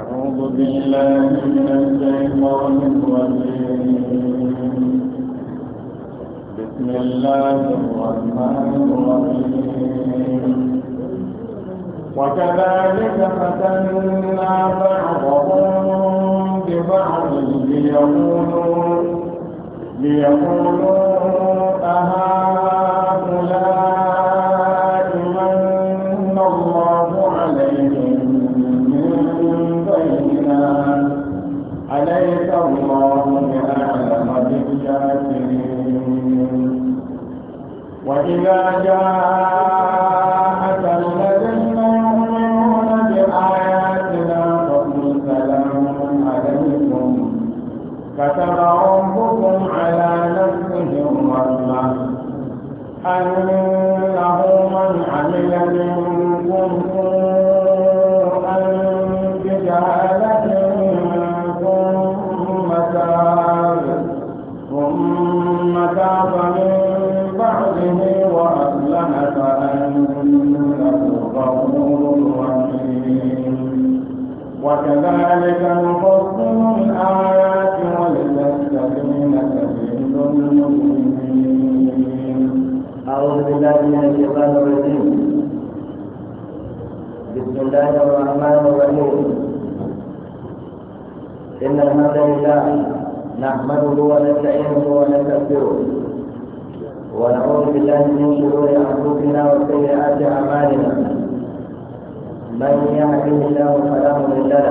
أعوذ بالله من الشيطان الرجيم بسم الله الرحمن الرحيم وكذلك فتنا بعضهم ببعض ليقولوا ليقولوا أهؤلاء وإذا جاء كذلك نفصل الآيات وللمتقين تجد المسلمين أعوذ بالله من الشيطان الرجيم بسم الله الرحمن الرحيم إن الحمد لله نحمده ونستعينه ونستغفره ونعوذ بالله من شرور أنفسنا وسيئات أعمالنا من يهده الله فلا مضل له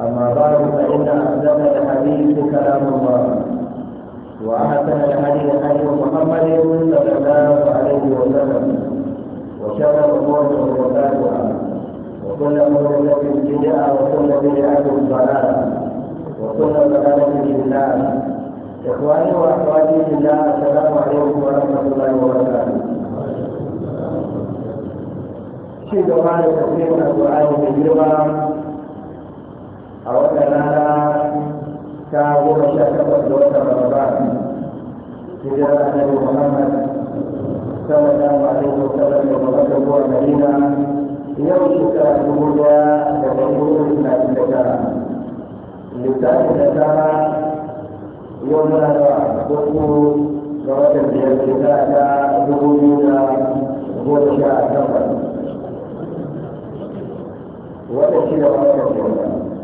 أما بعد فإن أحسن الحديث كلام الله وأحسن الحديث حديث محمد صلى الله عليه وسلم وشر الأمور محدثاتها وكل محدثة بدعة وكل بدعة ضلالة وكل ضلالة في النار إخواني وأخواتي في الله السلام عليكم ورحمة الله وبركاته شيء دعاء تسليم الدعاء في a wata rana ta goma sha takwas da wata ramadan hijirar da muhammad sallallahu ta wa sallam da maka zuwa madina yau shekara dubu daya da dari na da tara lissafi da tara yau da uku ga watan biyar shekara ta dubu biyu da goma sha takwas wata shida wata shekara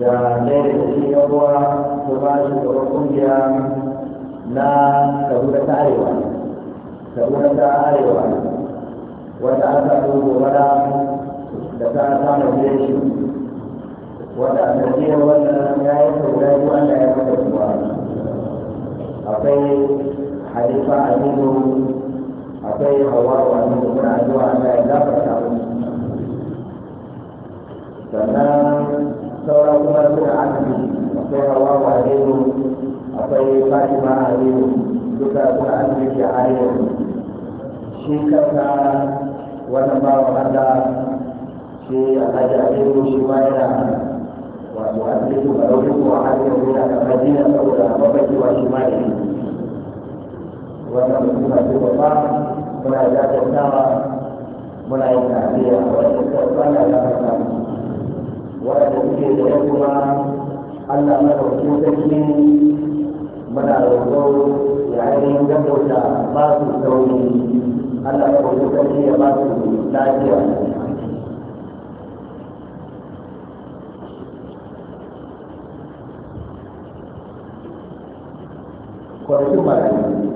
da ɗaya shi ya ruwa ta ba shi gaban kungiya na kaduna ta arewa kaduna ta arewa wanda an samu gobara da ta samu biyan shi wanda a tarjiyar wannan ya yi saurayi ko an da ya mata kuwa akwai halifa aminu akwai hawa wa aminu muna zuwa an da ya gafarta sannan sauran kuma suna azumi akwai hawa wa aliyu akwai fatima aliyu duka suna azumi ke aliyu shi kanka wannan bawan allah shi alhaji aliyu shi ma yana wato azumi ba rauki ko aliyu yana da madina saboda mafaki wa shi ma ne wannan mutum ba ba muna jajjantawa muna yin tafiya wajen kasuwa na lafiya wanda suke da yawa Allah madaukakin sarki muna roƙo yayin ainihin gaggauta ba su sauri Allah madaukakin sarki ya ba su lafiya kwanakin marayu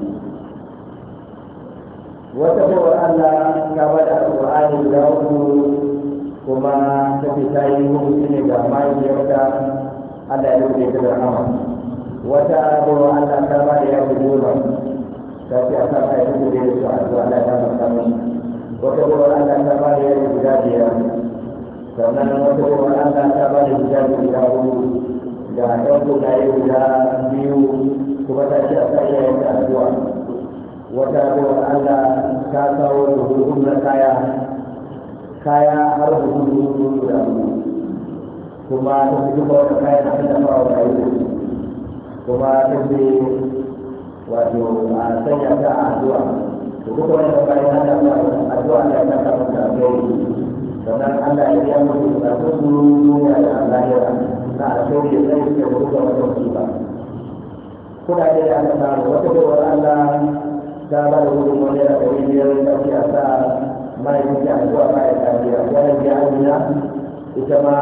wata bawar Allah ya bada alƙur'ani guda uku kuma ta ce ta yi hukunci ne ga mahaifiyarta Allah ya rubuta ta da rahama wata bawa Allah ta ba da yawon goma ta ce ta yi ayyukan da ya su addu'a Allah ta maka mishi wata bawa Allah ta ba da yawon guda biyar sannan wata bawa Allah ta ba da guda guda hudu da ɗan yi guda biyu kuma ta ce a kan yin ta zuwa. wata bawa Allah ta kawo da hukumar kaya kaya har hudu hudu da kuma ta fi duka wata kaya ta da kuma wa kuma ta fi wato a sanya ta a addu'a to duka wata kaya ta da fara da ta ta fara da kai sannan Allah ya biya da su duniya da lahira na a kai da zai ke duka wata musiba kuna da aka samu wata kowar Allah ta ba da gudunmawa da ɗari biyar da ake amma ya kuke addu'a ba ya tafiya ko ya ji amina ita ma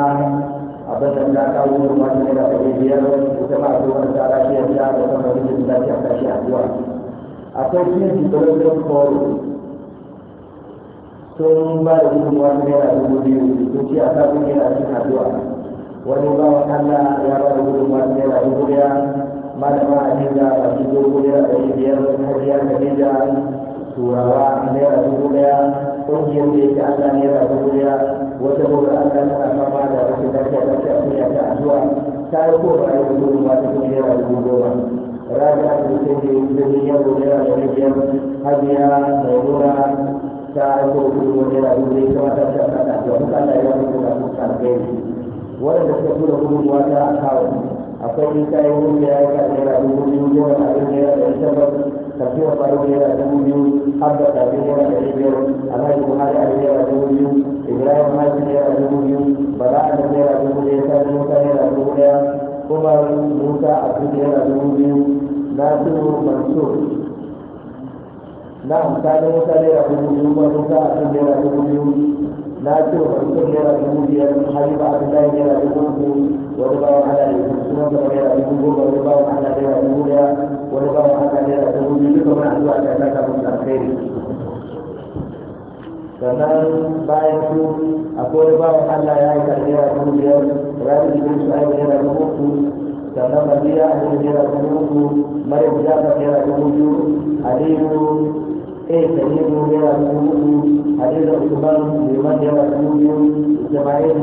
abin da ta kawo yin ma ne da kake biyar ita ma addu'a ta lafiya ta da kuma rikin lafiya ta shi addu'a akwai cikin tsoron koro sun ba da gudunmuwa naira dubu biyu sun ce a sa kun yana cin addu'a wani bawan allah ya ba da gudunmuwa naira dubu daya malama a cikin da masu dubu daya da biyar har ya kaje da turawa naira dubu daya ƙungiyar da yake allah naira dubu daya wata gobe allah tana fama da rashin lafiya a sun a addu'a ta yi ko ba a yi dubu ba ta kuma naira dubu goma rana da ta ke dubu yaro naira dubu biyar hajiya mai nuna ta yi ko dubu naira dubu daya kuma ta ta ta addu'a duka allah ta yi kuma su kan gani waɗanda suka tura ruwa ta akawun akwai ita yi wuce ya yi kan naira dubu biyu goma a yi naira dari takwas tafiya bayan naira dubu biyu abba tafi naira ɗari biyar alhaji buhari ali naira dubu biyu ibrahim haji naira dubu biyu bala ali naira dubu biyu, sani musa naira dubu ɗaya kuma musa abdu naira dubu biyu nasiru mansur na'am sani musa naira dubu biyu kuma musa abdu naira dubu biyu لا تروح الكل غير الجمهورية حبيب عبد الله غير الجمهور ورضاه على السنة غير الجمهور ورضاه على غير الجمهورية ورضاه على غير الجمهورية لكم نحن أتاك من الخير sannan bayan su akwai bawan Allah ya yi karbiya dubu biyar rabi dubu su aiki yana dubu uku sannan madina a dubu biyar dubu uku maryam jafar yana dubu biyu aliyu كيف يجب لنا المؤمن حديث عثمان لمن يرى المؤمن اسماعيل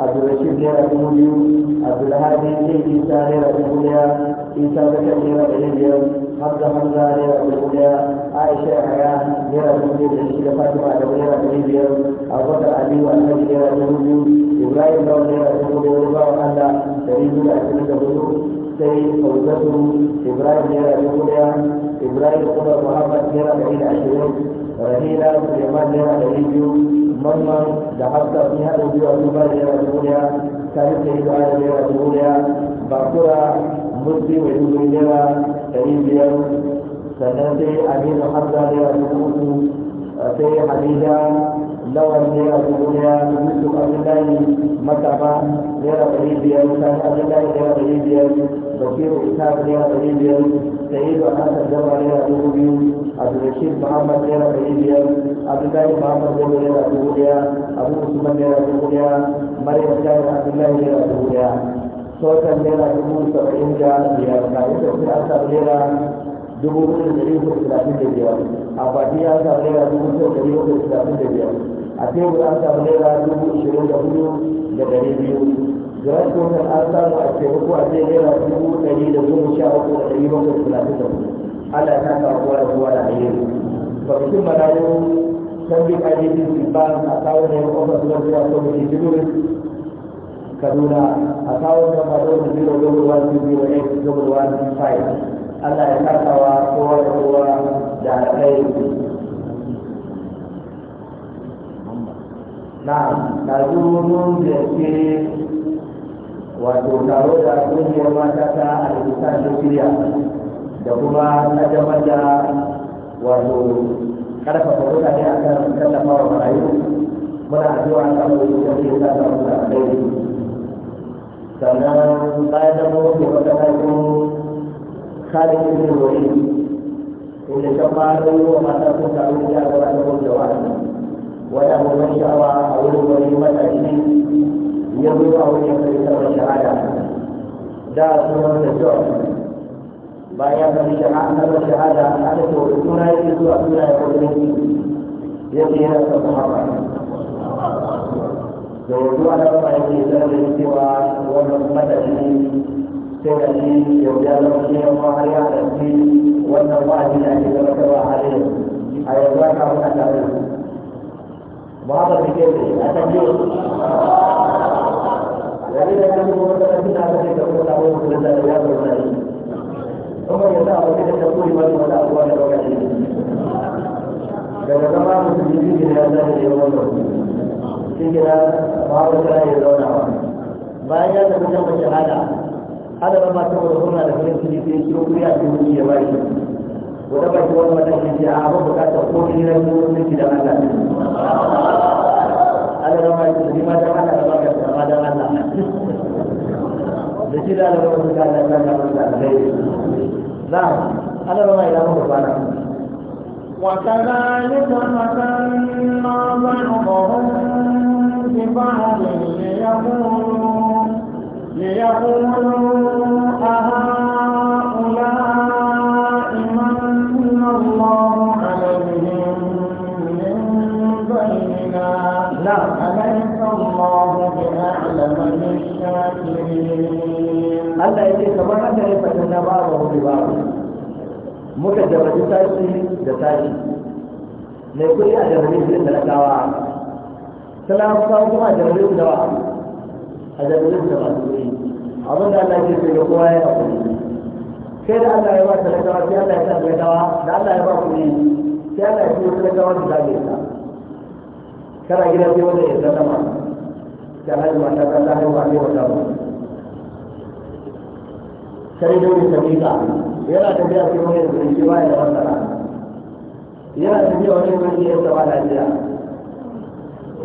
عبد الرشيد يرى المؤمن عبد الهادي كيف انسان يرى المؤمن عيسى بكر يرى المؤمن حمزة حمزة ليرة الأولياء عائشة حياة ليرة الأولياء الشيخة فاطمة ليرة الأولياء أبو بكر علي والحج ليرة الأولياء إبراهيم ليرة الأولياء والله أن تريد أن تريد sai sauzatu ibrahim ya dubu daya ibrahim kuma muhammad ya ɗari da ashirin rahila suleiman naira ɗari biyu mamman da hafsa sun haɗu biyu a ya naira dubu daya tare da ibrahim ya dubu daya bakura musti mai dubu naira ɗari biyar sannan sai aminu hamza ya dubu uku sai hadija nawa naira dubu daya yusuf abdullahi ba naira ɗari biyar sani abdullahi naira ɗari biyar basiru ishaq naira ɗari biyar sayidu hassan jama naira dubu biyu abdulrashid muhammad naira ɗari biyar abdullahi muhammad jama naira dubu daya abu usman naira dubu daya maryam jami abdullahi naira dubu daya sautan naira dubu saba'in da biyar na yadda kuma an samu naira dubu hudu da ɗari da biyar a fati ya samu naira dubu hudu da ɗari da biyar a tebur an samu naira dubu ishirin da hudu da ɗari biyu garin an samu a taimako a cikin naira dubu da goma sha uku da ɗari bakwai talatin da hudu allah ta kowa da kowa da alheri kwamitin marayu canjin idp ban a kawo da yawan ofis na zuwa kwamitin jibirin kaduna a kawo da faɗo da zero double one two zero eight double one five allah ya kasawa kowa da kowa da alheri Nah, tajuzu biasir Watutaweza kuja matata di da ya. ada kaddamar da wato saja. mutane a kan tallafa wa marayu muna addu'a ta mu da ke da ta mu da kai sannan bayan da mu ke wata kaiko Khalid ibn Walid inda ta fara yi wa mata kun taru وله من شرع علوم لمسألة يضيعه يفرس وشهادة درس من الزهد بيان الشهادة والشهادة حدثوا بدون أي سورة من القرآن يقينا سبحان الله الموضوع الأربعين من سيدنا الشيخ يوجد الله عليه وسلم وان الله لا يتركه عليه ايضا كما نعلم وهذا في جيبه لا تبليغ الذين يكذبون بالذين عليهم يقول اعوذ بالله يا رب العالمين ثم يسار الى تقول ما هو الاقوال الوكيل فيتبع المسلمين في هذا اليوم في كلا بعض الكلام يدعون ما هي تتجمع الشهاده هذا ما تقول هنا لكن في سوق بها في gobe ba shi wani wata shi a k'a bukata ko ni na ko ne ki da Allah Allah ma shi ne ma da Allah da baka da ma da Allah da shi da Allah ko ka da Allah da Allah na Allah ma ya mu bana وكذلك مكنا بعضهم ببعض ليقولوا ليقولوا Allah ya ce kamar haka ne fatan na ba ba wani ba muka jawabi tashi da tashi mai kuɗi a jawabi shi da talakawa talakawa kuma a jawabi da ba a jawabi da ba abin da Allah ya ce da kowa ya kuɗi sai da Allah ya ba talakawa sai Allah ya sa talakawa da Allah ya ba kuɗi sai Allah ya ce talakawa da zaɓe ta kana gidan sai wanda ya zama da haihuwa ta ta ta haihuwa ne wata ba sai dai ne sabita yana tafiya sai wani yanzu shi baya da masara yana tafiya wani yanzu shi ya saba lafiya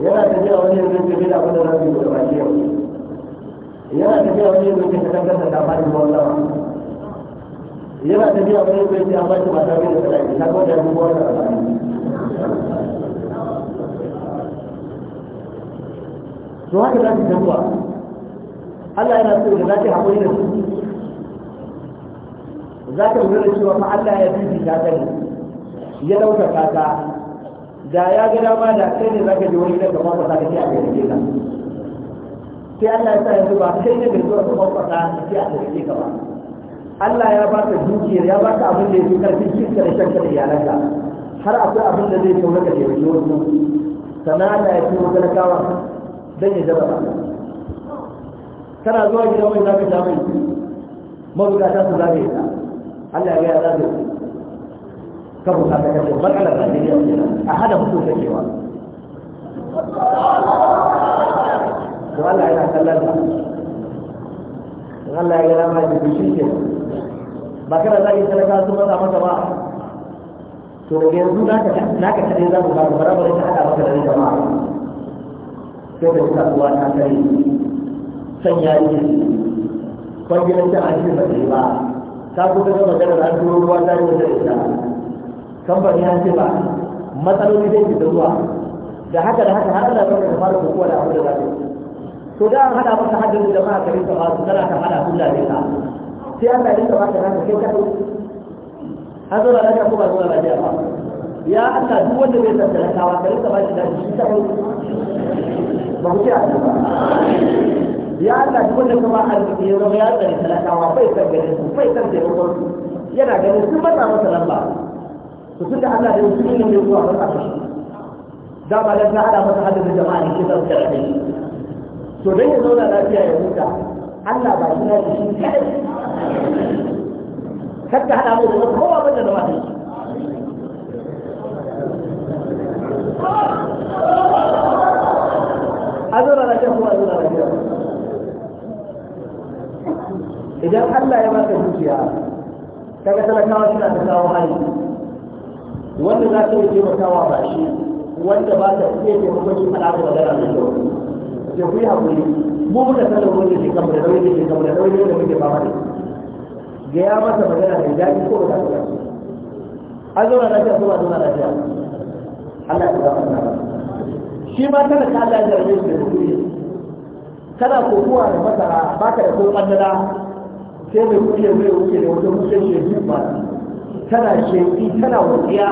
yana tafiya wani yanzu shi bai da abin da za su yi da baki yau yana tafiya wani yanzu shi ta kankan da fadi ruwan sama yana tafiya wani yanzu shi an ba shi mata bai da sadaki ta kawai da ruwan sama su haka za su tamba Allah yana so za ta haƙuri da su za ta wuri da cewa ma Allah ya fi ta ta ya ɗauka kata da ya ga dama da kai ne za ka je wani daga mafa ta ka ce a ke ka sai Allah ya sa yanzu ba kai ne da zuwa ka mafa ta ka ce a gari ka ba Allah ya ba ka dukiyar ya ba ka abin da ya fi karfin kinka da shanka da iyalanka har akwai abin da zai na ka taimaki wasu wani sana'a ya fi matalakawa don ya jaba kana zuwa gidan mai zaka sha mai mabukata su zaka yi Allah ya gaya zaka yi ka bukata kashe matsalar Najeriya a hada mutum kashewa to Allah ya kallon ka Allah ya gaya ma da bishi ke ba kana zaka yi talaka su masa masa ba to daga yanzu naka naka kadai za mu ba mu barabar ta hada maka da jama'a sai da kasuwa ta kare can ya ce kwangilan can an ce ba ta yi ba ta kusa ga maganar an turo ruwa ta yi wata ita kamfani ya ce ba matsaloli zai fita zuwa da haka da haka har da zama da fara kokowa da abu da za to da an hada masa haddin da ma kare ka ba su tana ta hada su da ne sai an da ba ta haka kai ka an zo da lafiya ko ba zo da lafiya ba ya Allah duk wanda bai san talakawa kare ka ba shi da shi ta ba ku ce a ba ya Allah duk wanda kuma arziki ya zama ya tsare talakawa bai san gari su bai san da taimakon su yana ganin sun matsa masa lamba to tun da Allah da yau sun yi ne zuwa masa kashi dama dan ta hada masa da jama'a ne ke san karfi to dan ya zauna lafiya ya huta Allah ba shi ne shi kai kada hada mu da kowa banda da mata idan Allah ya baka dukiya kaga talakawa suna da kawo hali wanda za ta yi taimakawa ba shi wanda ba ta iya taimakon shi faɗa da magana da kyau ke ku yi haƙuri mu muka sanar wanda ke kamar da nauyi ke kamar da nauyi da muke fama da ga ya masa magana mai daɗi ko da ta an zauna lafiya ko ba zauna lafiya Allah ya zama na shi ma kana ka Allah ya zama shi da kuɗi kana kokowa da masara ba ka da ko ɓandana sai mai kuke mai wuce da wata wuce shaidu ba tana shaidu tana wuciya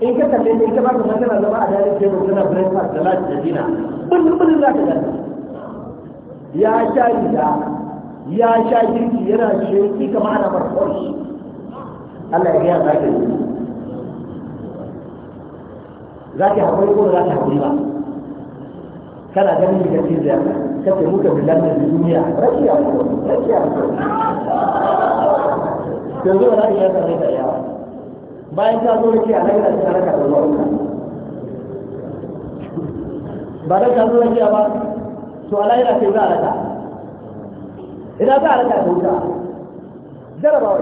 in ka kalle ne ka ba ka san tana zama a dalilin tebur tana breakfast da lati da dina bullum za ka gani ya sha gida ya sha girki yana shaidu kamar ana marfawar shi Allah ya gaya za ka yi za ka haƙuri ko za ka haƙuri ba kana ganin da kake ziyarta kace muka bi lafiyar duniya rashiya ko rashiya ko yanzu ba za ka iya sanar da yawa bayan ta zo rake a nan da ta raka da zuwa ba da ta zo rake ba to a lahira sai za a raka idan za a raka ta wuta jarabawa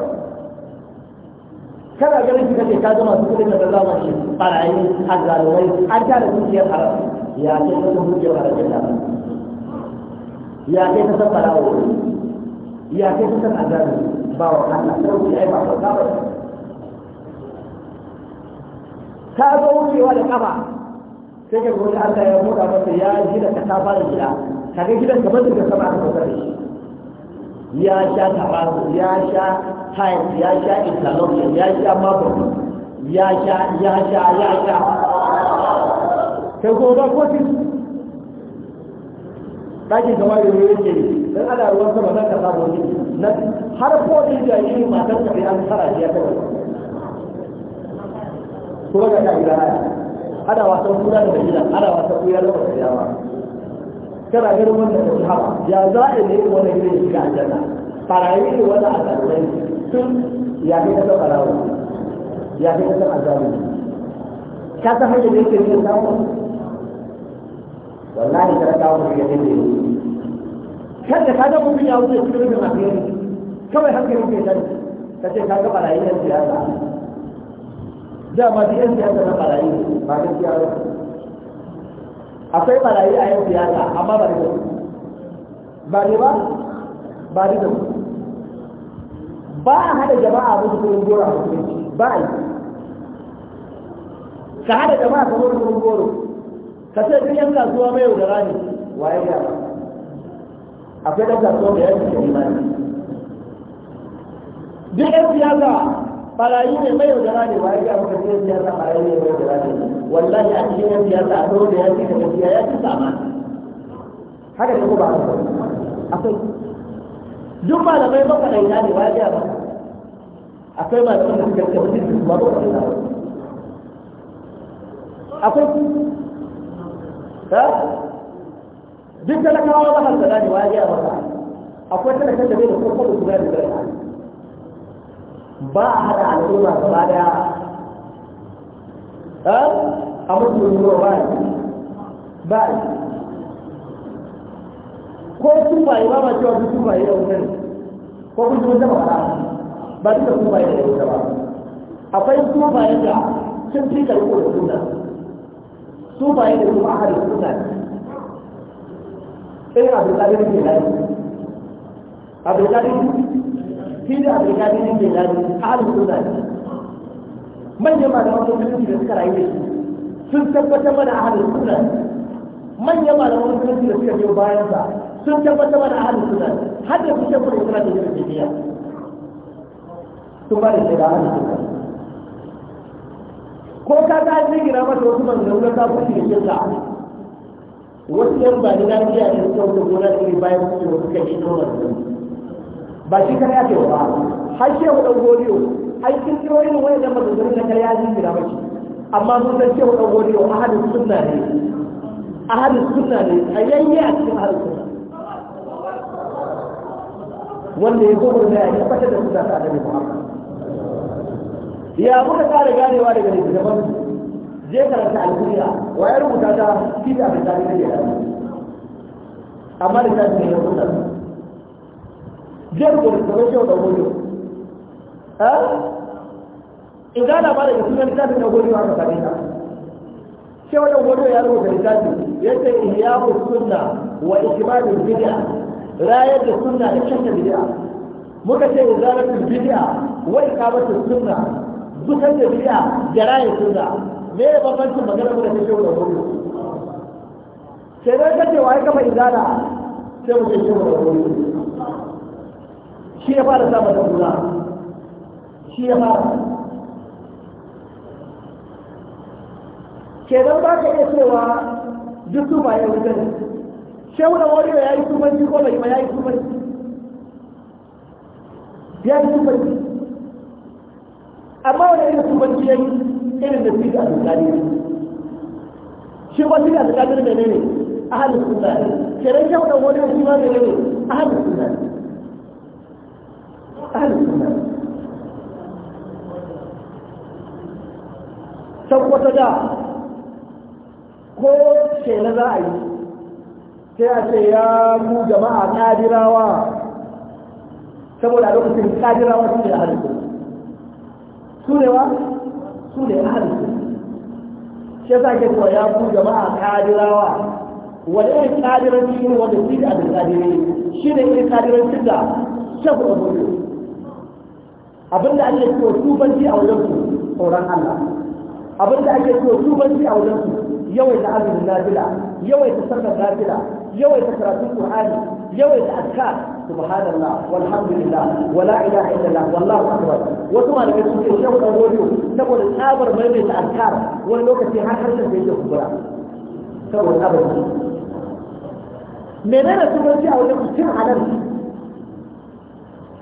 kana ganin shi kake ka zama su kudin da zama shi barayi hazzalai an tara dukiyar haram ya ce ta dukiyar haram da ya kai ta saka rawo ya kai ta saka azabi ba wa Allah sai wuce ai ba ka ba ka zo wucewa da kafa sai ka gode Allah ya muda masa ya ji da ka fara gida ka ga gidan ka bazin ka sama ka da shi ya sha tabaru ya sha tayar ya sha interlock ya sha mabu ya sha ya sha ya sha kai gobe kotin ɗakin kama da yau yake yi don ana ruwan sama za ka samu wani na har ko da ya yi matan ka sai an tsara shi ya kawo. kuma ga ka rana, ana wasan kura da gida ana wasan kuya da wata yawa kana ganin wanda da haba ya za a ne wani gidan shiga aljanna farayi ne wani a tsarin tun ya kai kasar farawa ya kai kasar azabi ka ta hanyar da yake yi samun wallahi ka raka wani ya dade kada ka ga mutum ya wuce da rubin afiyar kawai hankali ke sani ka ce ka ga barayi yan siyasa da ma duk yan siyasa na barayi ba gaskiya ba akwai barayi a yan siyasa amma ba da ba ne ba ba da ba a hada jama'a musu kuma goro a ba a yi ka hada jama'a kamar kurin goro ka sai duk yan kasuwa mai yaudara ne waye ya akwai ɗan kasuwa da yanki da imani duk yan siyasa barayi ne mai yaudara ne waye ya maka sai siyasa barayi ne mai yaudara ne wallahi a cikin yan siyasa a da yanki da gaskiya ya ci sama haka ne ko ba akwai duk malamai makwaɗaita ne waye ya maka akwai masu da suka ce ba da kuma ba akwai ha duk talakawa ba hasa da wa ya maka akwai talakan da bai da kuma kudu guda da bai ba a hada al'umma gaba daya ha a mutum ruwa ba ba ko tufaye ba ma cewa duk tufaye da wutar ko kun tuwon zama ba ba duka tufaye da wutar ba akwai tufaye da sun fi karɓo da suna su ba da kuma ahadu suna ne irin ke lari abdulkadir shi da abdulkadir ke lari ahadu suna ne manyan malaman musulunci da suka rayu da shi sun tabbatar mana ahadu suna ne manyan malaman musulunci da suka biyo bayansa sun tabbatar mana suna ne har da kusa kuma isra da jirgin sun ba da shaida ahadu suna ne ko ka ta gina mata wasu manzanni na kafin da shirka wasu yan ba da lafiya da suka wuce gona su ne bayan su wasu kai shi kuma ba shi kan yake ba har shi yau dan godiyo ai kin kiro irin wani da manzanni na karya gina mace amma mun san cewa dan godiyo ahadin sunna ne ahadin sunna ne ayayye a cikin ahadin sunna wanda ya gobe da ya fata da sunna ta da Muhammad ya muka kare ganewa daga littattafan je karanta alkuriya wa ya rubuta ta kita da ta ne da amma da ta ne ya rubuta je ku da tsaro shi da gojo ha in gana ba da sunan ta da gojo aka kare ta sai wannan gojo ya rubuta littafi yace da suna wa ikimanin bidiya rayar da suna da kashe bidiya muka ce bidiya wani kamar da suna. zukar da biya gara ya sunna me ya bambanci magana da ta shehu da gori sai dai kace ya kafa izala sai mu ce shehu da shi ya fara samun da kula shi ya fara kenan ba ka iya cewa duk su ba ya wuce ne shehu da ya yi tumanci ko bai ma ya yi tumanci ya yi tumanci amma wani irin su banci yayi irin da su a alƙali shi ba su ga alƙali da ne ne halin sunna ne shirin kyau wadda wani shi ma ne ne halin sunna ne halin sunna ne wata da ko shela za a yi sai a ce ya mu jama'a kadirawa saboda a lokacin kadirawa su ne a suna. su ne wa su ne shi yasa ke cewa ya ku jama'a kadirawa wani irin kadiran shi ne wanda shi da abin kadiri shi ne kadiran kadiranci da shafi da mutu abinda ake cewa banci a wajen su tsoron Allah abinda ake cewa banci a wajen su yawaita azumin nafila yawaita sallar nafila yawaita karatun qur'ani yawaita azkar سبحان الله والحمد لله ولا إله إلا الله والله أكبر وثم أنك تسوي الشيخ الأولي تقول الآبر مريد الأذكار واللوكة في حال حرشة في الجهة الكبرى تقول الآبر مريد منين تقول الشيخ أولي تسمع نفسي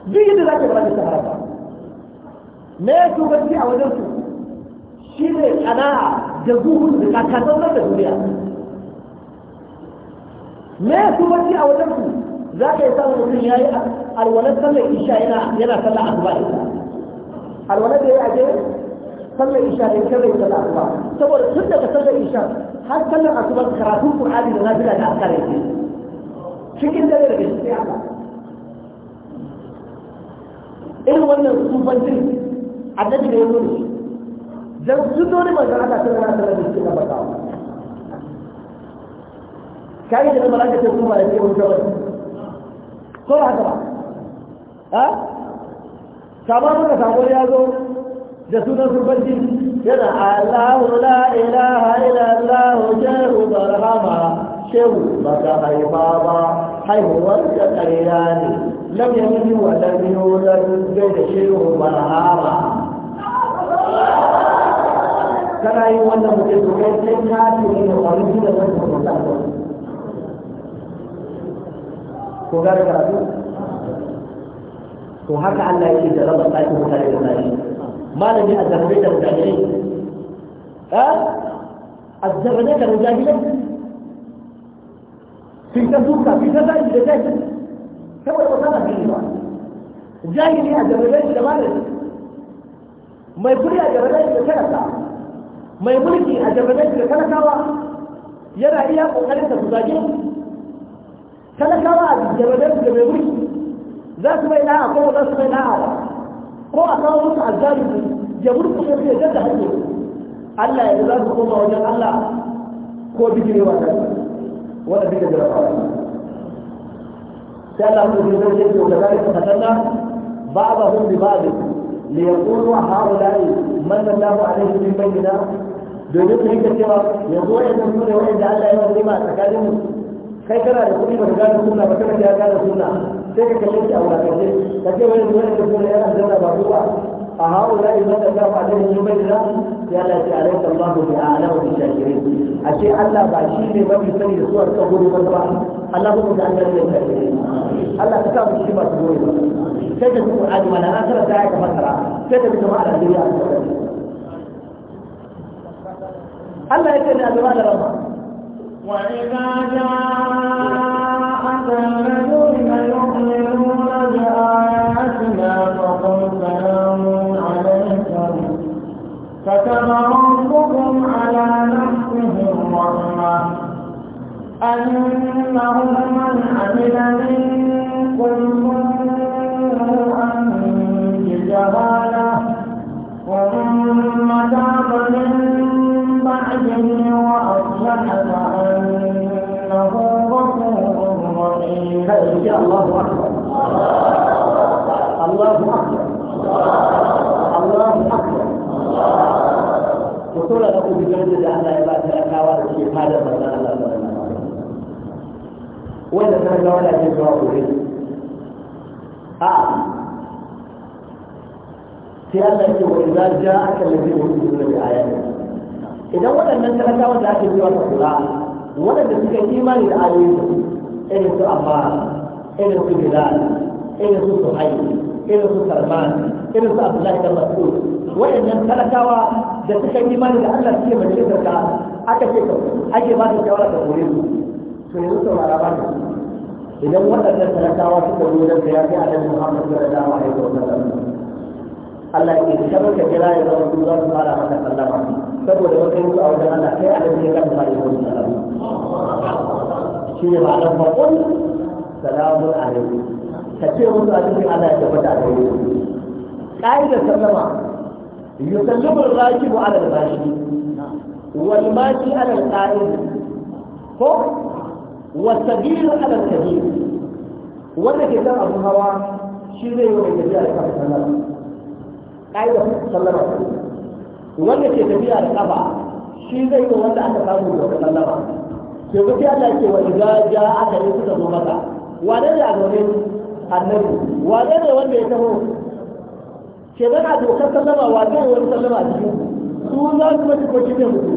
بيد ذاك الرجل سهرفا ما تقول الشيخ أولي تسمع شيني أنا جزوه لكن في الدنيا ما تقول الشيخ أولي تسمع za ka yi samun mutum ya yi alwalar sallar isha yana sallar asuba ita alwalar da ya aje sallar isha ne kan rai sallar asuba saboda tun daga sallar isha har sallar asuba karatun qur'ani da nafila da aka rage cikin dare daga shi sai aka irin wannan sufancin annabi da ya nuna dan sun zo ne manzon Allah sallallahu alaihi wasallam cikin bakawa kai da malaka ta kuma da ke wani ko ba haka ba ha kamar da sabon ya zo da sunan surbanci yana Allahu la ilaha illa Allahu shehu barhama shehu baka haifa ba haihuwar da ƙarya ne lam yalid wa da zai da shehu barhama kana yi wannan mutum ko kai ka tuni da wani da kuma mutum ko gane karatu to haka Allah yake da raba tsakin mutane da tsari malami a zamanai da mujahidai a zamanai da mujahidai fi ta duka fi ta zai da jahili saboda ba sana fi ba jahili a zamanai da malami mai kuri a zamanai da talaka mai mulki a zamanai da talakawa yana iya kokarin da su zage talakawa a jami'ai da mai mulki za su bai na'a ko za su bai na'a ba ko a kawo musu azzalimi ya mulku sai sai ganta hanyar Allah ya za su koma wajen Allah ko bijirewa da wanda bi da jarabawa sai Allah ku zai zai ko da zai ka tanda ba'dahum bi ba'd li yaqulu haula'i man Allahu alaihi min bayyina domin su yi cewa yanzu wa'annan su ne wa'anda Allah ya yi wa rima tsakaninmu kai kana da kuɗi ba gane suna ba kana ya gane suna sai ka kalle shi a wulakance ka ce wani wani da sunna yana da ba ko ba a haula idan da ka fa da mun bai da ya la ta alaika Allah bi a'lamu wani shakirin a ce Allah ba shi ne mafi sani da suwar ka gudu ba Allah ba da Allah ne shakirin Allah ka sa mu cikin masu goyi ba sai ka kuma na akara ta ya ka masara sai ka kuma ala duniya Allah ya ce ne a azaba da rahma وإذا جاءك الذين يؤمنون بآياتنا فقل سلام عليكم كتب ربكم على نفسه الرحمة أنه من عمل منكم سوءا بجهالة ثم تاب منه إنه غفور رحيم الله أكبر الله أكبر الله أكبر وقول لكم بجنود أن عباد الأكوان في هذا فلا لا لا ولا تنجا ولا تنجا آه في هذا يقول إذا جاءك الذين يؤمنون بآياتنا إذا ولم نتلقى ولا تنجا ولا waɗanda suka yi imani da ayoyi irin su amma irin su bilal irin su suhai irin su salman irin su abdullahi da mas'ud waɗannan talakawa da suka yi imani da allah suke majalisar ka aka ce ka ake ba su shawara da kore su su ne su saurara ba su idan waɗannan talakawa suka zo wajen ka ya fi annabi muhammad sallallahu alaihi wa sallam Allah ya ke tabbata jira ya zama su za su fara maka sallama saboda matsayin su a wajen Allah sai Allah ya gama da wani salamu shi ne ba nan faƙon salamun alaihi ka ce musu a cikin Allah ya tabbata da wani ƙa'ida sallama yusallimu al-rakibu ala al-bashi wal mashi ala al-qa'id ko wa sabilu ala al-kabir wanda ke kan abu hawa shi zai yi wa tafiya da kafa sallama ƙa'ida sallama wanda ke tafiya da kafa shi zai yi wanda aka samu da wata lallama ke gudu Allah ke wani gaja aka yi suka zo maka wane ne a domin annabi wane ne wanda ya taho ke zana dokar sallama wane ne wani sallama a cikin su za su mace ko shi ne mutu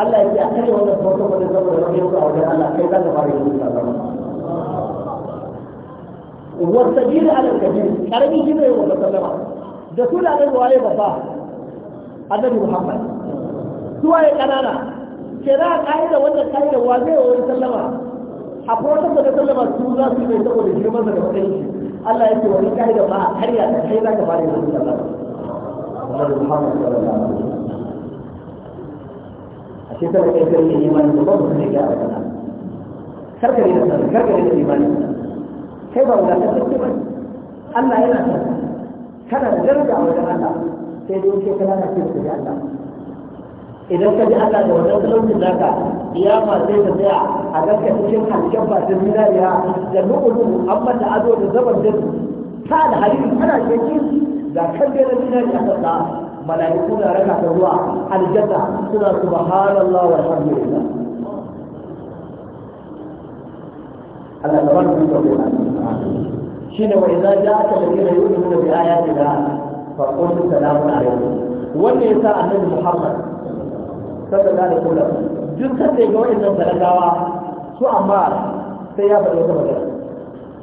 Allah ya ce a kai wannan sauran wani zama da wani yau a wajen Allah kai zan ka fara yi sallama wasabiri alal kabir karami shi ne wa sallama da su da kai waye babba annabi muhammad suwa ya kanana ke za a ka'ida wannan ka'ida wa zai wa wani sallama akwai wata da sallama su za su yi mai saboda girman da matsayin shi Allah ya ce wani ka'ida ba a karya da kai za ka fara yin sallama annabi muhammad sallallahu alaihi wasallam a ce sai kai kai imani da ba mutum ne ya abada karkare da sallah karkare da imani kai ba wadatar da ke ba Allah yana sallah kana da daraja a wajen Allah sai dai wuce kana na cikin kuɗi Allah idan ka ji Allah da wannan talaucin naka kiyama sai ta tsaya a ganka cikin halken batin zinariya da nu'ulu amma da ado da zaban da ta da hariri tana cikin da kan da zinariya ta tsaya mala'iku na raka ta zuwa aljanna suna subhanallah walhamdulillah Allah tabaraka wa ta'ala shine wa idza ja'aka alladhina yu'minuna bi ayatina فقلت سلام عليكم wanda ya sa annabi Muhammad sallallahu da wasallam duk kan da ga wannan talagawa su amma sai ya bada wata magana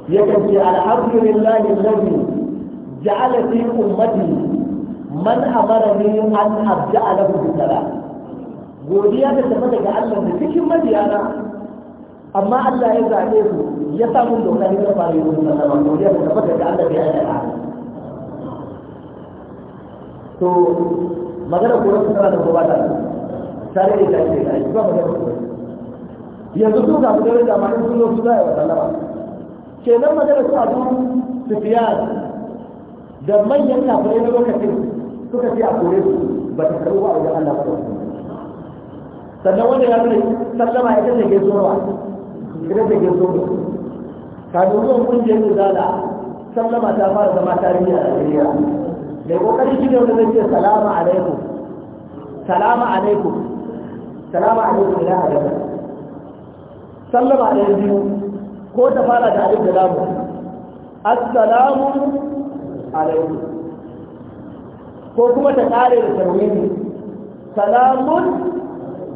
ya kace alhamdulillahi alladhi ja'ala fi ummati man amarani an abda'a lahu bi salam godiya da tafi daga Allah da cikin madiyana amma Allah ya zabe su ya samu dokar da fara yi wannan godiya da tafi daga Allah da ya aika to magana koran suna da gaba ta tare da ita ce yi. ba magana koran yanzu sun ga kudin da manin sun zo su zai wa ke nan magana su abu su fiya da manyan kafirai na lokacin suka ce a kore su ba ta karu ba a wajen Allah ko. sannan wanda ya zai sallama ita ce gaisuwa ita ce gaisuwa kafin zuwan kungiyar da sallama ta fara zama tarihi a Najeriya mai kokari shi ne wanda zai ce salamu alaikum salamu alaikum salamu alaikum ila alaikum sallama da ko ta fara da alif da lamu assalamu alaikum ko kuma ta kare da tarwini salamun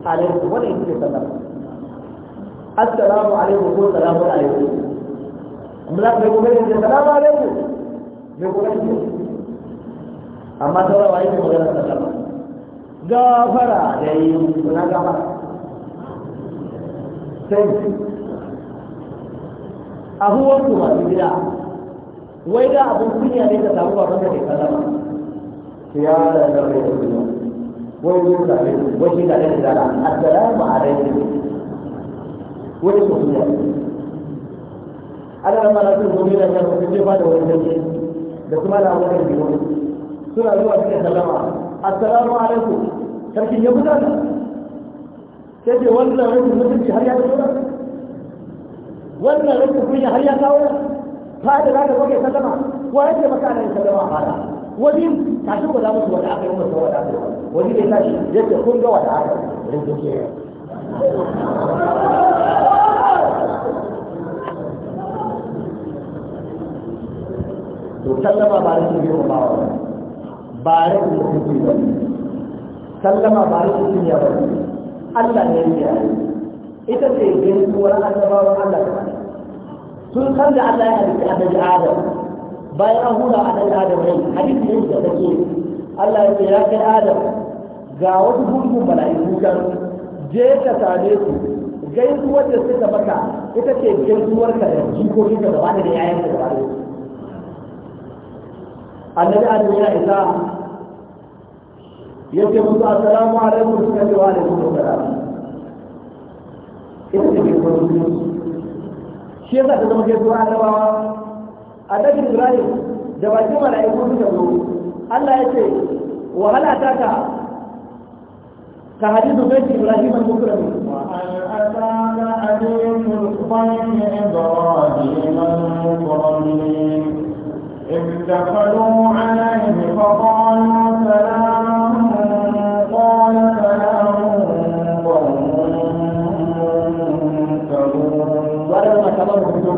alaikum wani yake ce sallama assalamu alaikum ko salamun alaikum amma za ku yi kokarin da salamu alaikum mai kokarin amma saura wa yake magana sallama gafara da yi suna gama sai abubuwan su masu gida wai da abin kunya ne ka samu ba wanda ke su ya da zama ya kuma wai zuwa da ne wai shi da ne da na assalamu alaikum wai su kunya ana da mara gobe da kan su ce ba da wani sarki da kuma da wani sarki suna zuwa suke sallama assalamu alaikum sarkin ya buga sai ce wannan rashin mutunci har ya kawo wannan rashin kunya har ya kawo ta da za ka zoke sallama wa ya ce maka ana yin sallama a fara wani tashi ku za musu wani aka yi musu wata aka wani ne tashi ya ce kun ga wata aka yi rinjin to sallama ba rashin girmamawa ba ba rashin da kuke ba sallama ba rashin kunya ba Allah ne yake yi ita ce gaisuwar annabawan Allah ta sun san da Allah ya halitta annabi Adam bayan an hura annabi Adam rai hadisi ne da take Allah ya ce ya kai Adam ga wasu gungun mala'iku kan je ka same su gaisuwar da suka maka ita ce gaisuwar ka da jikokin ka gaba da yayan ka gaba annabi Adam yana isa يكتبون السلام عليكم ورحمة الله وبركاته شيخ هذا ما جاءت وعلى بابا أدك إبراهيم جبا جمع لأيكم جمعه الله يتي وهل أتاك كهديد بيت إبراهيم المكرم وهل أتاك حديث إبراهيم المكرم إذ دخلوا عليه فقالوا سلام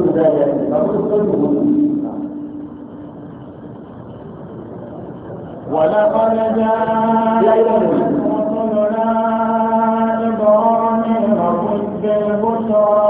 رجل لا يأتي رجل قلبه ولقد جاء رسلنا إبراهيم بالبشرى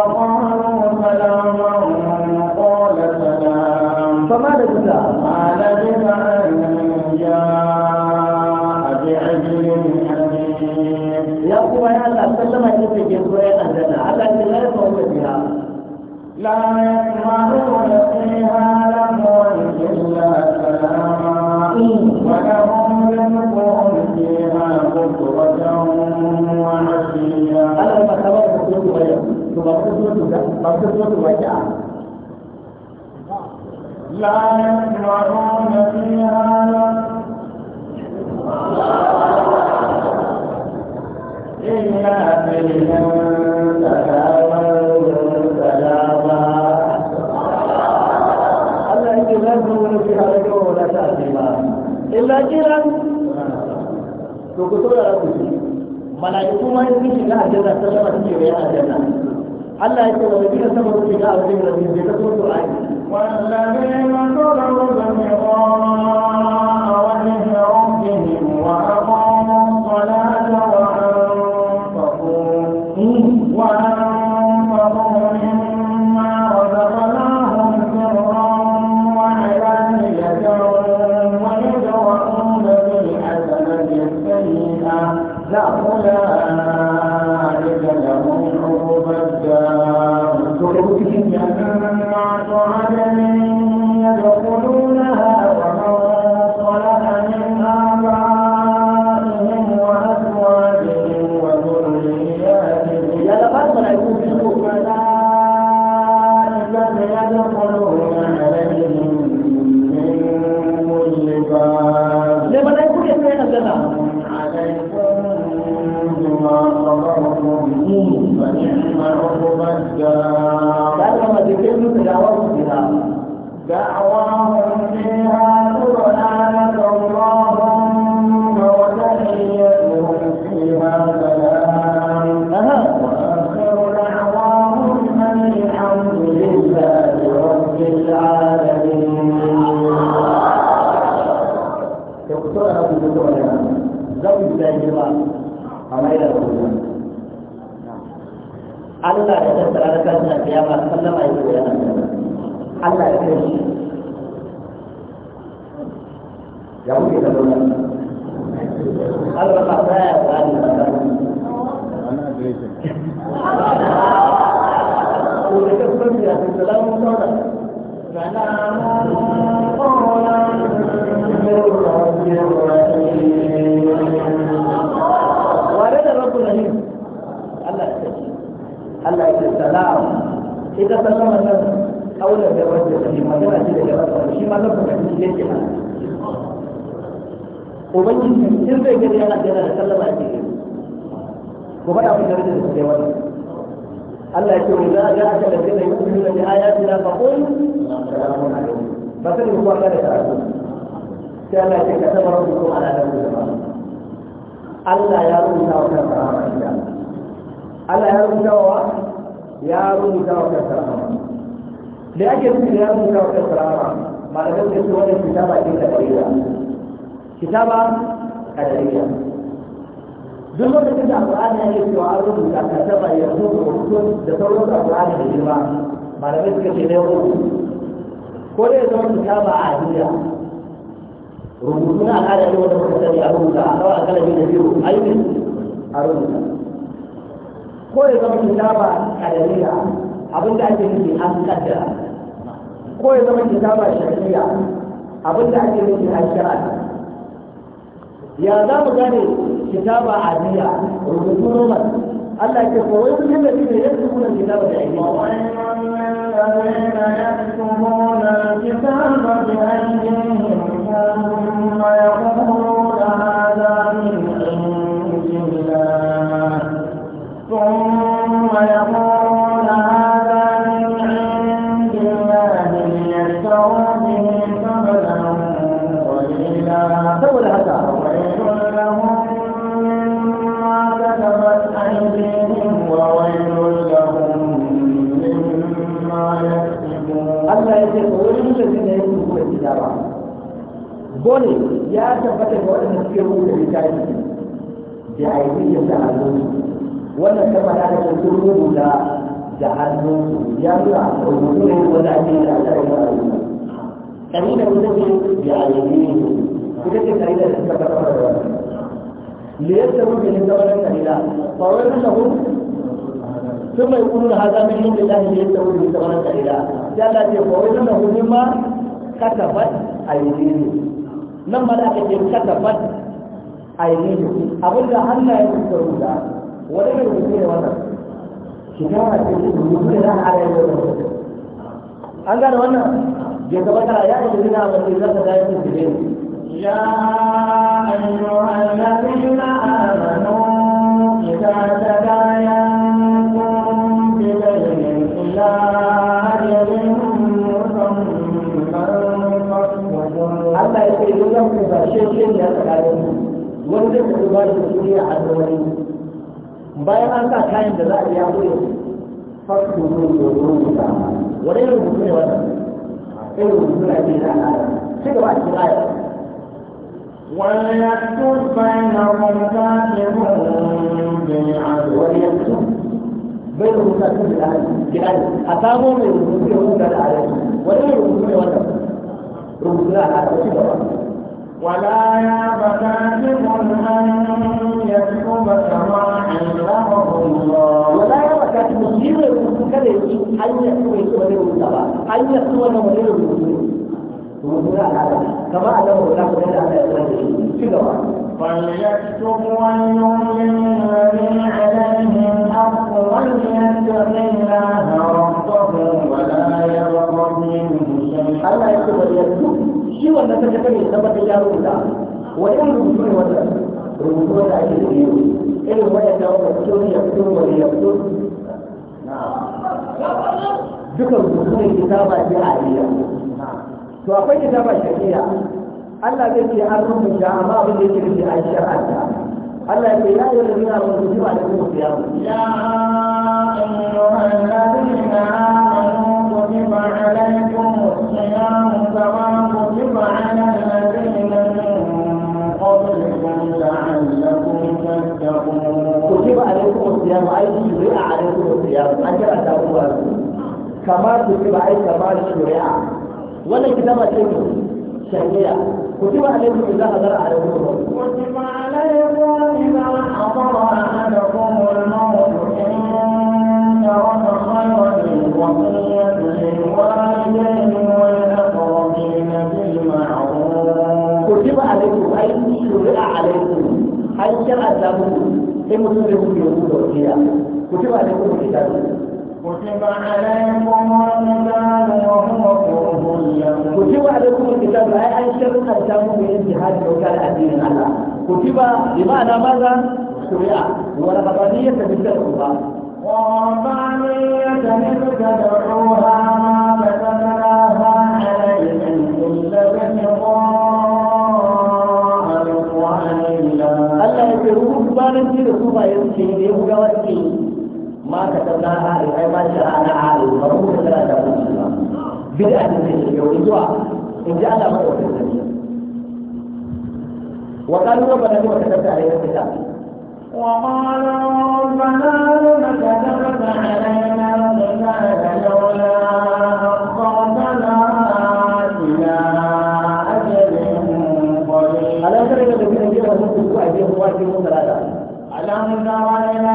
masu suratul waqi'a la yasma'una fiha illa fiha illa kiran to ku saurara ku ji mala'iku ma in kun shiga aljanna sallama suke bayan aljanna Allah ya ce wa wajen sama su shiga a wajen wajen da ta kuma su ayi. da kafaru bi Allah baya gane magana ko da kafin da salamu alaikum ubangiji in bai gani yana da da sallama ake gani ko faɗa mu tare da sai wani. Allah ya ce wa za ga aka da zai yi da ayatina fa qul salamun alaikum ba sai ku kwanta da karatu sai Allah ya ce ka tabar ku ko ala da ku Allah ya rubuta wa kansa rahama Allah ya rubuta wa ya rubuta wa kansa rahama da ake rubuta ya rubuta wa kansa rahama malamai da su wannan kitaba ke da ƙarya kitaba kadariya duk lokacin da alƙur'ani ya ke cewa an rubuta kataba ya zo da rubutun da sauran alƙur'ani da girma malamai suka ce ne ko ko da ya zama kitaba a duniya rubutu na al'ada ne wanda muka sani a rubuta a kawai a kalabi da biyu aiki a rubuta ko ya zama kitaba kadariya da ake nufi an kaddara ko ya zama kitaba shari'a da ake nufi an shari'a ya za mu gane kitaba adiya rubutu roman Allah ke ko wai kun yadda ne yadda kuma kitaba da aiki يكتبون الكتاب بأيديهم ثم يقولون الذي يعلمونه بجد سعيدة ليبتغوا به الدولة سبيلا فأولئك لهم ثم يقولون هذا من عند الله ليبتغوا به الدولة سبيلا جل في فأولئك لهم مما كتبت أيديهم nan ma da aka ce kasafat ainihin abin da Allah ya kusa rubuta wani ne rubuce ne wannan shiga a cikin rubuce da ana yi wannan an gane wannan ya gabatar ya ce zina ba sai zaka da yake zube ya ayyuha alladhina amanu idza tadayantum bi dayn ila ajalin Allah ya ce zan kusa ne ba shi a wani bayan an sa kayan da za a yi ya koyo fasu ne da rubuta wani rubutu ne wannan إنهم يؤدون هذا تقرأ وليكتب بينهم كاتب بالعدل وليكتب بينهم كاتب بالعدل أتابعوا من رسولهم بالعدل ولم يرسلوا ولا رسلا هذا تقرأ ولا ياب كاتب أن يكتب كما علمه الله ولا ياب كاتب يرسل كذا أن يكتب ولم يرسل أن يكون ولي الوجود كما أنه لا بد أن يكون فليكتب وليؤمن الذي عليه الحق وليتق الله ربه ولا يغضب منه شيئا. الله يكتب وليكتب شيء ولا تتكلم ثبت يا رب وإن رسول ولا رسول أجل إن هو يتوقف يكتب وليكتب نعم dukan mutumin kitaba shari'a to akwai kitaba shari'a Allah zai ce an rubuta amma abin da yake da an shar'anta Allah ya ce ya yi rubuta a wani mutum a da kuma siya ya ayyuhan ladina amanu kutiba alaykum as-siyam kama kutiba ala alladhina min qablikum la'allakum tattaqun kutiba alaykum as-siyam ay shari'a alaykum as-siyam an shar'anta ku كما كتب أي كما شرع ولا كتابة شرعية كتب عليكم إذا حضر عليكم كتب عليكم إذا حضر أحدكم الموت إن ترك خيرا الوصية للوالدين والأقربين بالمعروف كتب عليكم أي شرع عليكم أي شرع لكم إن مسلمكم يقولوا كتب عليكم الكتاب كتب عليكم القتال وهو كره لكم كتب عليكم الكتاب أي أي شر أتاه بالانتهاك وكان أدين الله كتب بمعنى ماذا؟ شرع ورغبانية بالتقوى ورغبانية ابتدعوها ما كتبناها عليهم إلا ابتغاء رضوان الله الله يقول رغبانية رسول الله يمشي به ويوكل ma ka san kai ba shi ana hali ba mu ka ta mutu ba bid'a ne ke yau in zuwa in ji Allah ba wannan ne wa kan ruwa ba da ruwa ta tsare ne ta wa ma la ba na ruwa ta tsare ne ta Alam tara ila dukkan jiya wasu kuku a jiya kuma jiya kuma salata. Alam tara ila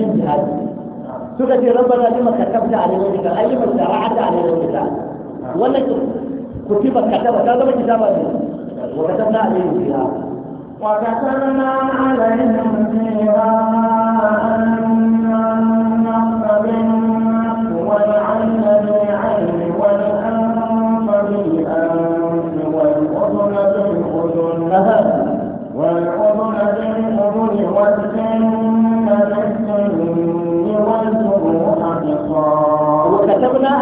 yin jihadi suka ce rabbana lima katabta alaina ai lima shara'ata alaina wannan kutiba kataba ta zama kitaba ne wa katabna alaina fiha wa katabna alaina fiha anna nafsa bin nafs wal 'ayna bil 'ayni wal anfa bil anf wal udhna bil udhn wal udhna bil udhn wal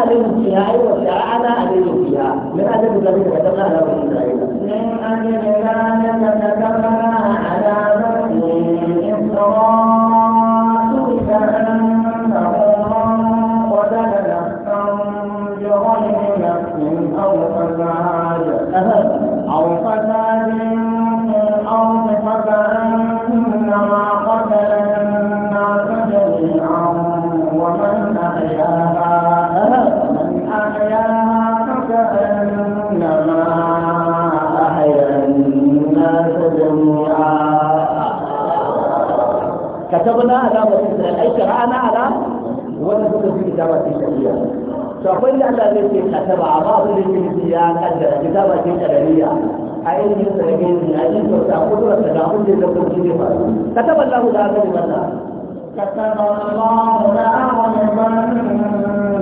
عليهم فيها وشرعنا عليهم فيها من أدب الذي ذكرنا له حرمنا لا بني اسرائيل اي لا على ونزل في كتابة الشرعيه. فقل لنا التي كتب بعض الانجليزيات الكتابة الشرعية أي يسرقين أين تأخذ وتدعون لكم شريفا كتب الله لا كلمة كتب الله لأعلمن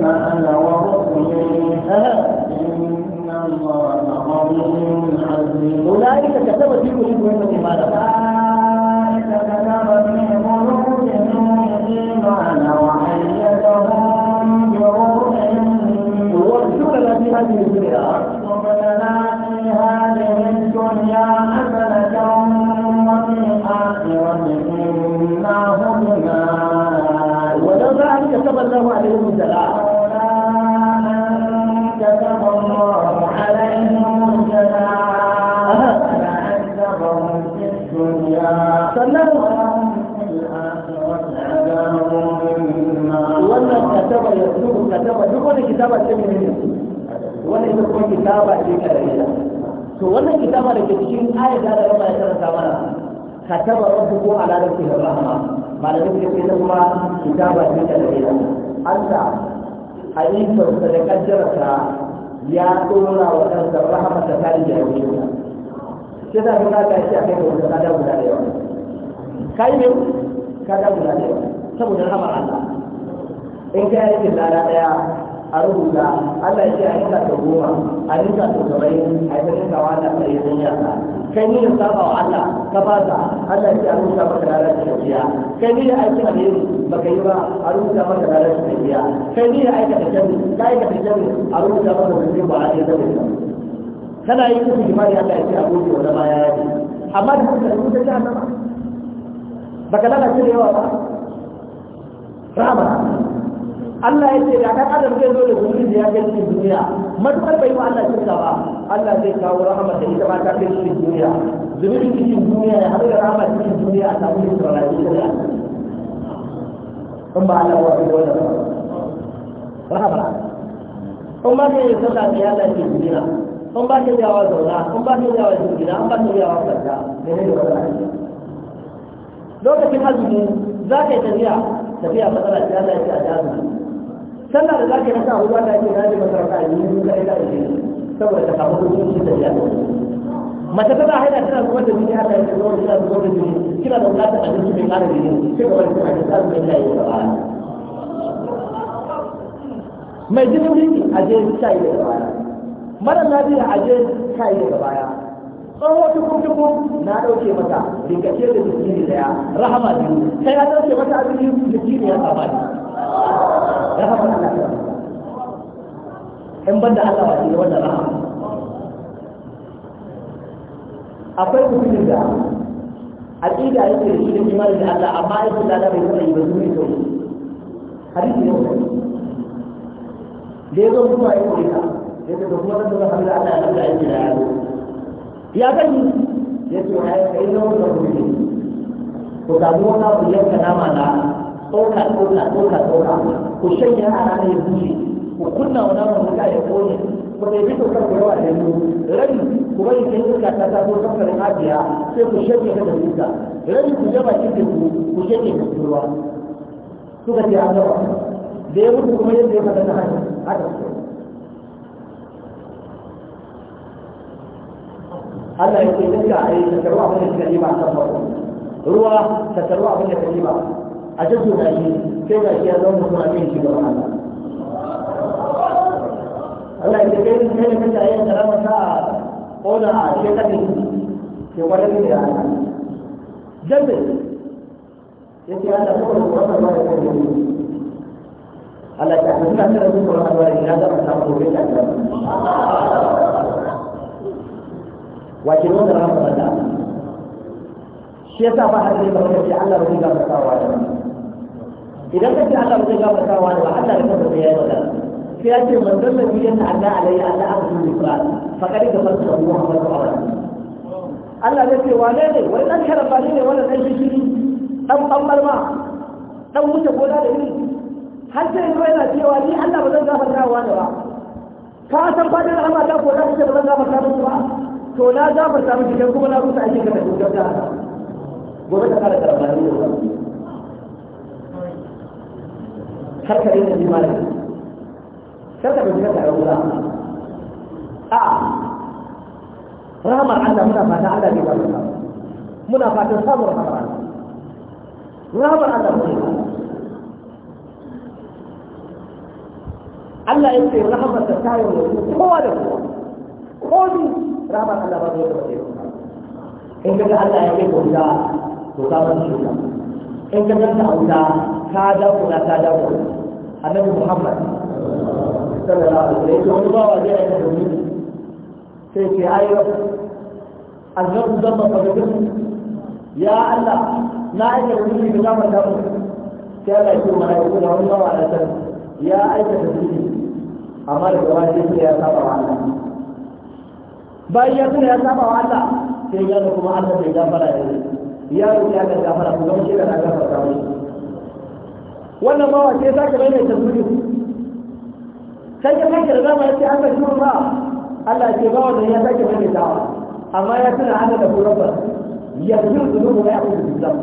أنا ورسلي أولئك كتب في قلوبهم الإيمان kitaba ce mai ne wannan ita kuma kitaba ce karariya to wannan kitaba da ke cikin ayat da Allah ya karanta mana kataba rabbukum ala nafsihi rahma malamin da ke kuma kitaba ce da ya tsora wa kansa rahama ta da da kuma da kada guda da yawa kai ne kada guda da yawa saboda rahama Allah in ka yi lada daya a rubuta Allah ya ce a rinka ta goma a rinka ta gabai a yi rinka wa Allah ta yi dunya ka kai ni da saba wa Allah ka ba ta Allah ya ce a rubuta maka ranar tafiya kai ni da aiki a ba ka yi ba a rubuta maka ranar tafiya kai ni da aika da jami ka aika da jami a rubuta maka da mutum ba a yi zama kana yi kusa jimari Allah ya ce a gobe wa zama ya yi amma da kuka rubuta ta nama baka lalace da yawa ba rama Allah ya ce da kan adam zai zo da zunubi da ya kai cikin duniya matukar bai ma Allah shirka ba Allah zai kawo rahama da ita ba ta kai cikin duniya zunubin cikin duniya ya haɗu da rahama cikin duniya a samu yin tsara da ita in ba Allah wa kai wani rahama in ba ka yi sauka ta yada lafi duniya in ba ka yawa zauna in ba ka yawa cikin jingina in ba ka yawa kwanta ne ne da wani wannan lokacin azumi za ka yi tafiya tafiya matsala ta Allah ya ce a jami'a Sannan da za zaka sa hudu da ake zaje masa raka ne mun kai da shi saboda ta kama samu hukunci da ya mace tana haida tana zuwa da jini haka yake zuwa tana zuwa da jini kina da bukatar abinci mai kara jini sai ga wani kuma da tsarin da ya yi gaba mai jini rinki a je ta yi daga baya mara lafiya a je ta yi daga baya tsawo tukun na dauke mata rikace da jini daya rahama biyu sai ya dauke mata abin jini da jini ya saba rahama Allah ta in banda Allah wa shi wanda ba. akwai mutumin da aqida yake da shi da imani da Allah amma yake da Allah bai taɓa yi ba zuri to hadisi ne wannan da ya zo zuwa ya kore ya ce kuma zan zama hamila Allah ya lafiya yake da yaro ya gani ya ce wa ya kai zama da mutum to ga mu wani yanka nama na ɗauka ɗauka ɗauka ɗauka ku shanya a ranar ya zuce ku kunna wa naman wuta ya kone ku bai bi dokar ku yawa da mu rani ku bari sai iska ta taso kafarin hajiya sai ku shanya ta da wuta rani ku jaba cikin ku ku shanya ta ruwa suka ce an gaba da ya mutu kuma yadda ya faɗa na hanyar haka Allah ya ce duka a yi takarwa abin da suka yi ba a kan ruwa takarwa abin da suka yi ba a tattauna shi sai ga shi ya zama mutum a cikin shugaban Allah Allah ya kai mun kai kanta ayyukan da ramu sa koda a cikin kafin ke kwanan da Allah jabe yace Allah ko da wannan ba da kai Allah ta kuma ta da kuma Allah ya ga ta ta ko da ta wace wannan ramu da shi yasa ba har da ba ta Allah rubuta ta wa da idan ka ce Allah ba zai gafartawa ne ba Allah da kansa zai yi magana sai ya ce manzon da biyan na Allah alayhi Allah abu ne ba fakar da farko da Muhammad a wannan Allah ya ce wane ne wani dan karambani ne wannan dan shishiri dan bambar ma dan wuce gona da iri har sai ruwa yana cewa ni Allah ba zan gafartawa ne ba ka san fadin Allah ta ko da ce ba zan gafarta musu ba to na gafarta musu dan kuma na rusa ake ka da gobe ta gobe ta kara karambani ne حتى إن الإيمان كذا من كذا أولا آ رحمة الله منا فاتا على كذا منا منا فاتا صبر رحمة رحمة الله منا الله إنت رحمة تساوي هو ده هو دي رحمة الله بعدين بعدين إنك الله يكفي بجاه بجاه من شو in ka ganta a wuta ka dakura ka dakura annabi muhammad sallallahu alaihi wasallam wani bawa zai aika domin sai ce ai annabi zama fadakin ya allah na aika domin da zama ta mu sai allah ya ce mana ya kuma wani bawa na san ya aika domin amma da gaba sai ya saba wa allah bayan ya ya saba wa allah sai ya kuma allah bai gafara ya yi ya roƙi ya kan gafara ku zama shekara gafarta mishi wannan bawa sai sake bai mai tasbihu sai ya sake da zama ya an ka shi ba Allah ce bawa da ya sake mai mai dawa amma ya tuna ana da Ya kurabba yanzu zunubu ya kuma zunubu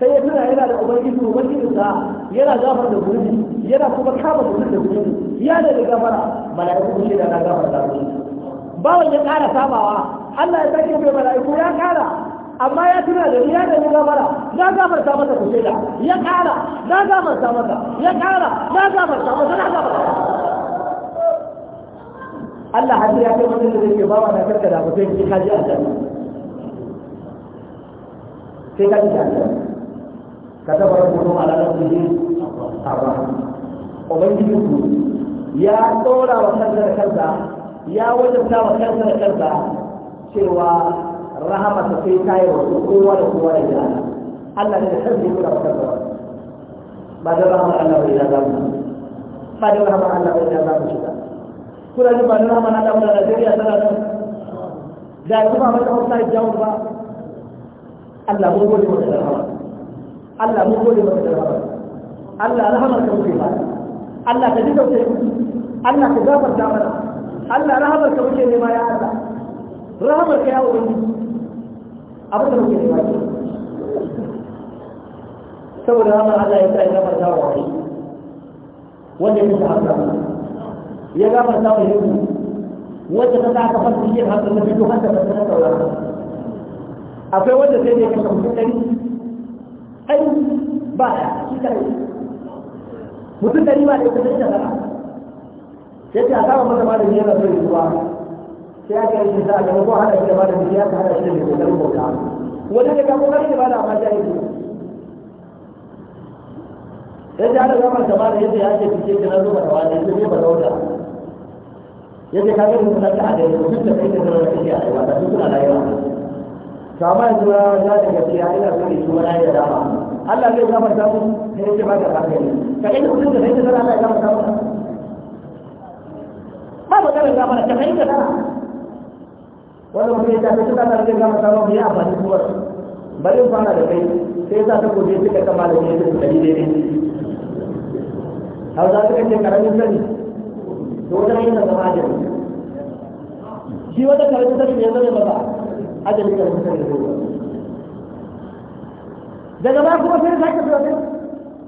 sai ya tuna yana da ubangiji ubangiji sa yana gafar da zunubi yana kuma kama mutum da zunubi ya da da gafara mala'iku shi da na gafar da zunubi bawan ya kara samawa Allah ya sake mai mala'iku ya kara amma ya tuna da ya da gafara na gafarta masa ku shaida ya kara na gafarta masa ya kara na gafarta masa na gafarta Allah hadda ya kai mutum da yake bawa na karkada ku sai ki kaji a can sai ka ji a can ka tabbata mutum ala nafsihi sabra ubangiji ku ya tsora wa kansa da kansa ya wajabta wa kansa da kansa cewa رهبة في الكائر وقوة وقوة الإلهان الذي يحب كل أكبر بعد رهبة أنه إلى ذلك بعد رهبة أنه إلى ذلك شكرا كل أجل بعد رهبة أنه إلى ذلك شكرا جاء كما من أمر الله الجوابا ألا مو لي من الرهبة ألا مو لي من الرهبة ألا رهبة كمسيحة ألا تجد وشيء ألا كذاب الجامرة ألا رهبة كمسيحة لما يعلم رهبة كيف يعلم abin da muke nema saboda haka Allah ya sa ya gafarta wa wanda ya haka ya gafarta wa yau wanda ta ta kafar su yin na fito haka da ta saura akwai wanda sai da kashe mutum ɗari ai ba da shi kai mutum ɗari ba da ya kashe da ba sai ta kama masa ba da yana ya zuwa sai shi yi da da ko hada da bada biya ka hada shi da kokarin bauta wani da ka kokarin da bada amma ta yi sai da Allah zama da bada yadda ya ce fice da nazo ba da wani sai ba dauda yadda ka ga mun da ka da duk da kai da da kake a aiwa da duk na rayuwa to amma yanzu ya ga da gaskiya ina so ne kuma na yi da dama Allah zai zama da sai ya ce ba da hankali ka inda mutum da kai da Allah ya zama da mu ba ba da zama da kai da wanda mutum ya tafi suna tare da gama biya a amfani kuma bari fara da kai sai sa ta kuje suka kama da kai suka dari daidai za su ce karamin sani to wata yin da zama ajiyar shi wata karamin sani ne zama ba da karamin sani da daga ba kuma sai sake sosai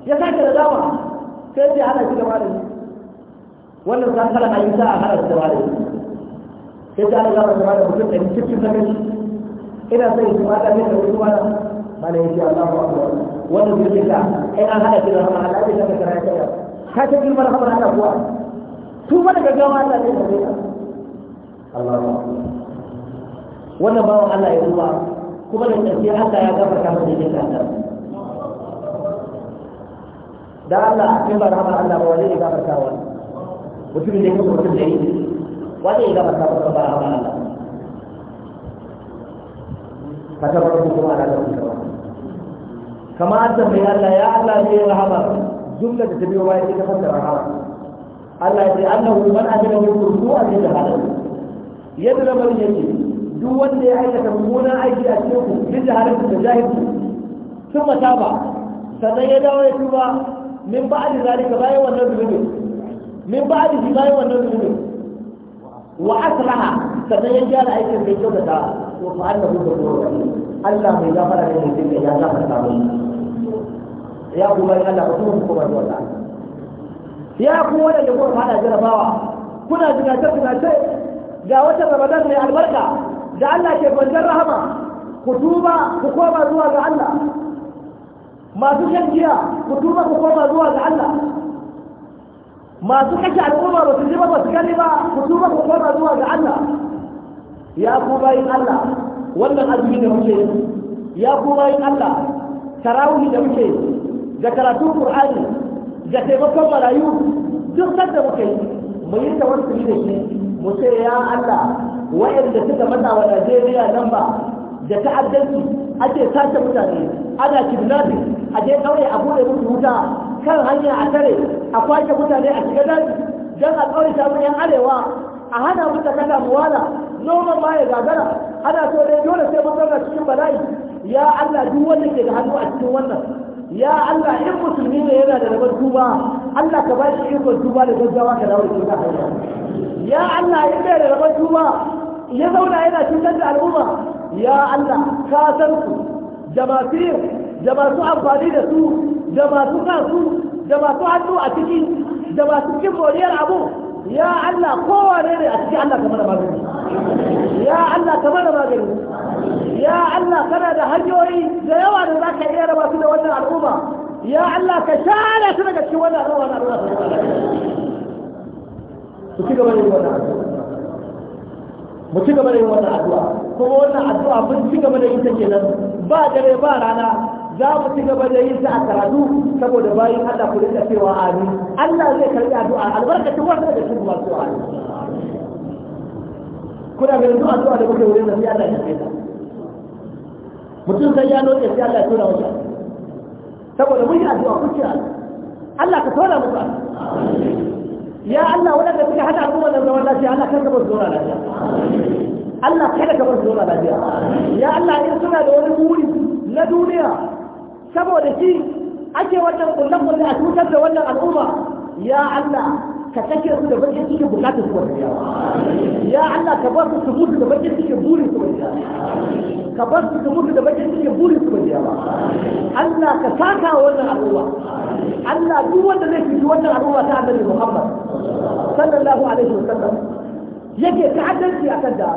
ya sake da dama sai ce ana shi gaba da shi wannan san kala sa a halar da wani sai ta Allah ba da mutum ɗari cikin na kashi ina sai ya kuma ɗan yadda wasu Ba mana ya ce Allah ba zai cika an haɗa kira ma Allah zai saka kira ya ka ta girma rahama Allah kuwa tu mana gaggawa Allah zai saka ka Allah wannan bawan Allah ya zuwa kuma da ƙarfi Allah ya gafarta masa da Allah da Allah in ba Allah ba wani ne gafartawa mutum da ya kuma da ɗari wani ya gama samun kabar a Allah ka tabbatar kuma ana gaban kabar kama an tambayi Allah ya Allah ne ya rahama jumla da ta biyo bayan ita fasa rahama Allah ya ce annahu man amila min qur'an ya jahada yadda lamarin yake duk wanda ya aikata mummunan aiki a cikin ku duk da halin da jahilci sun mata ba sannan ya dawo ya tuba min ba'di zalika bayan wannan zunubin min ba'di bayan wannan zunubin wa aslaha sannan ya gyara aikin da yake da ko fa an da ruwa Allah mai gafara da mutum da ya gafarta mu ya kuma yi Allah mutum ku ba wata ya kuma wanda ya kuma fada jarabawa kuna tunace tunace ga wata Ramadan mai albarka da Allah ke kwanciyar rahama ku tuba ku koma zuwa ga Allah masu shan giya ku tuba ku koma zuwa ga Allah masu kashe al'umma ba su ji ba ba su gani ba ku tuba ku koma zuwa ga Allah ya ku bayin Allah wannan azumi da muke ya ku bayin Allah tarawih da muke da karatun Qur'ani da taimakon marayu duk sanda muke mu yi tawassuli da shi mu ce ya Allah wayanda suka mata wa Najeriya nan ba da ta'addanci ake sace mutane ana kidnapping a je kauye a bude musu wuta kan hanya a tare a kwace mutane a shiga daji don a tsawaita samun yan arewa a hana mutu mu takada muwala noman ba ya gagara ana so dai dole sai mun zauna cikin bala'i ya Allah duk wanda ke da hannu a cikin wannan ya Allah in musulmi ne yana da rabar duba Allah ka ba shi ikon duba da gaggawa ka dawo cikin hanya ya Allah in bai da rabar duba ya zauna yana cutar da al'umma ya Allah ka san ku da masu da masu amfani da su da masu kansu da masu hannu a ciki da masu cin moriyar abu ya Allah kowane ne a ciki Allah kamar da magani ya Allah kamar da magani ya Allah kana da hanyoyi da yawa da za ka iya raba su da wannan al'umma ya Allah ka share su daga cikin wannan al'umma na Allah su ci gaba da yin wannan mu ci gaba da yin wannan addu'a kuma wannan addu'a mun ci gaba da yin ta kenan ba dare ba rana za mu ci gaba da yin ta a karatu saboda bayan Allah ku rinka cewa amin Allah zai karbi addu'a albarkacin wanda da shi masu amin kuna ga yanzu addu'a da muke wurin da sai Allah ya kai ta mutum sai ya noke sai Allah ya tura wata saboda mun yi addu'a kun ci Allah ka tura amin ya Allah da suka hada kuma da zaman lafiya Allah ka ba zuwa zauna lafiya Allah kada ka bar zuwa lafiya ya Allah in suna da wani buri na duniya saboda shi ake wannan kullum a cutar da wannan al'umma ya Allah ka kashe su da bakin cikin bukatun su wani ya Allah ka bar su su mutu da bakin cikin burin su wani ka bar su su mutu da bakin cikin burin su wani Allah ka saka wannan al'umma Allah duk wanda zai fito wannan al'umma ta annabi Muhammad sallallahu alaihi wasallam yake ta'addanci akan da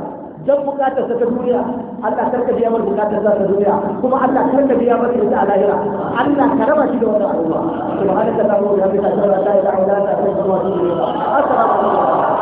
dan bukatar ta duniya Allah karka biya mar bukatar ta duniya kuma Allah karka biya mar ta lahira Allah ka raba shi da wannan al'umma subhanaka allahumma wa bihamdika ashhadu an la ilaha illa anta astaghfiruka wa atubu ilayk assalamu alaikum